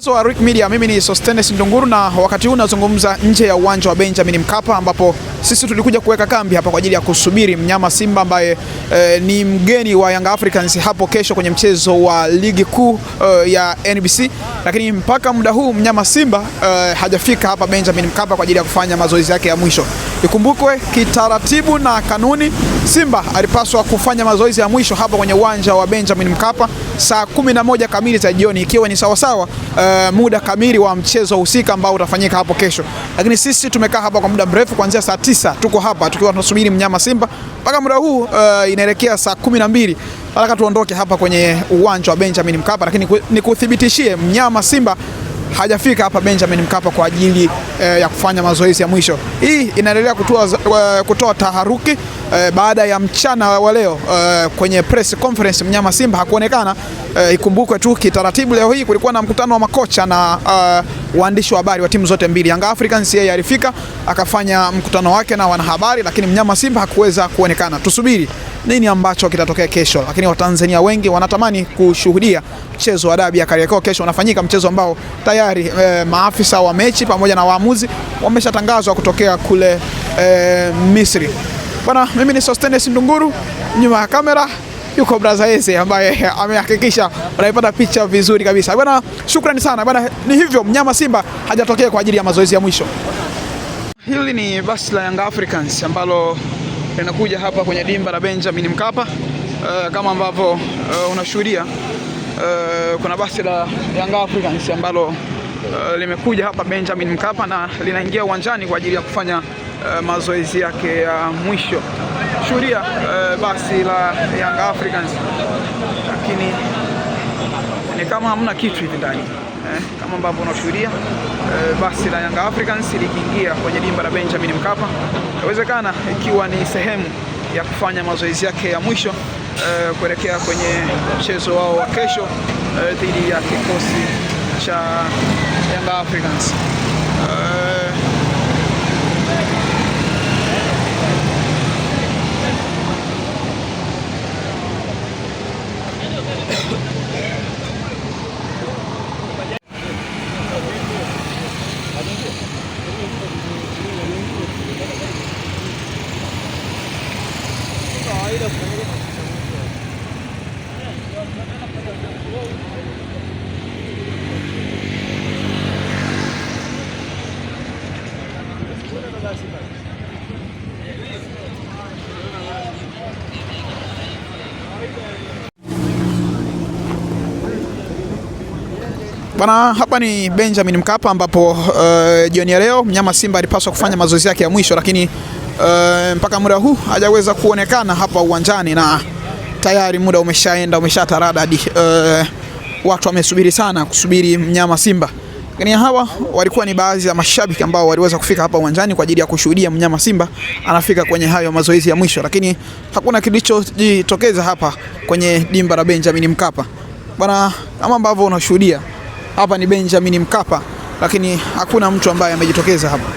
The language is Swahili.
Mchezo wa Rick Media, mimi ni Sostenes Ndunguru na wakati huu nazungumza nje ya uwanja wa Benjamin Mkapa ambapo sisi tulikuja kuweka kambi hapa kwa ajili ya kusubiri mnyama Simba ambaye eh, ni mgeni wa Young Africans hapo kesho kwenye mchezo wa ligi kuu eh, ya NBC, lakini mpaka muda huu mnyama Simba eh, hajafika hapa Benjamin Mkapa kwa ajili ya kufanya mazoezi yake ya mwisho. Ikumbukwe kitaratibu na kanuni, Simba alipaswa kufanya mazoezi ya mwisho hapa kwenye uwanja wa Benjamin Mkapa saa kumi na moja kamili za jioni, ikiwa ni sawasawa uh, muda kamili wa mchezo husika ambao utafanyika hapo kesho. Lakini sisi tumekaa hapa kwa muda mrefu, kuanzia saa tisa tuko hapa tukiwa tunasubiri mnyama Simba mpaka muda huu uh, inaelekea saa kumi na mbili haraka tuondoke hapa kwenye uwanja wa Benjamin Mkapa, lakini nikuthibitishie mnyama Simba hajafika hapa Benjamin Mkapa kwa ajili eh, ya kufanya mazoezi ya mwisho. Hii inaendelea kutoa, eh, kutoa taharuki eh, baada ya mchana wa leo eh, kwenye press conference mnyama Simba hakuonekana. Eh, ikumbukwe tu kitaratibu, leo hii kulikuwa na mkutano wa makocha na uh, waandishi wa habari wa timu zote mbili. Yanga Africans yeye alifika akafanya mkutano wake na wanahabari, lakini mnyama Simba hakuweza kuonekana. Tusubiri nini ambacho kitatokea kesho, lakini Watanzania wengi wanatamani kushuhudia mchezo wa dabi ya Kariakoo. Kesho unafanyika mchezo ambao tayari e, maafisa wa mechi pamoja na waamuzi wameshatangazwa kutokea kule e, Misri. Bwana, mimi ni Sostenes Ndunguru, nyuma ya kamera yuko braza Eze ambaye amehakikisha unaipata picha vizuri kabisa. Bwana, shukrani sana bwana. Ni hivyo mnyama Simba hajatokea kwa ajili ya mazoezi ya mwisho. Hili ni basi la Young Africans ambalo linakuja hapa kwenye dimba la Benjamin Mkapa. Uh, kama ambavyo uh, unashuhudia Eh, kuna basi la Young Africans ambalo uh, limekuja hapa Benjamin Mkapa na linaingia uwanjani kwa ajili ya kufanya uh, mazoezi yake ya mwisho. Shuhudia uh, basi la Young Africans, lakini ni kama hamna kitu hivi ndani eh, kama ambavyo unashuhudia basi la Young Africans likiingia kwenye dimba la Benjamin Mkapa, inawezekana ikiwa ni sehemu ya kufanya mazoezi yake ya mwisho uh, kuelekea kwenye mchezo wao wa kesho uh, ya kikosi cha Young Africans eh, Bana, hapa ni Benjamin Mkapa ambapo uh, jioni ya leo mnyama Simba alipaswa kufanya mazoezi yake ya mwisho, lakini uh, mpaka muda huu hajaweza kuonekana hapa uwanjani na tayari muda umeshaenda, umeshatarada hadi uh, watu wamesubiri sana kusubiri mnyama Simba. Lakini hawa walikuwa ni baadhi ya mashabiki ambao waliweza kufika hapa uwanjani kwa ajili ya kushuhudia mnyama Simba anafika kwenye hayo mazoezi ya mwisho, lakini hakuna kilichojitokeza hapa kwenye dimba la Benjamin Mkapa bwana. Kama ambavyo unashuhudia hapa ni Benjamin Mkapa, lakini hakuna mtu ambaye amejitokeza hapa.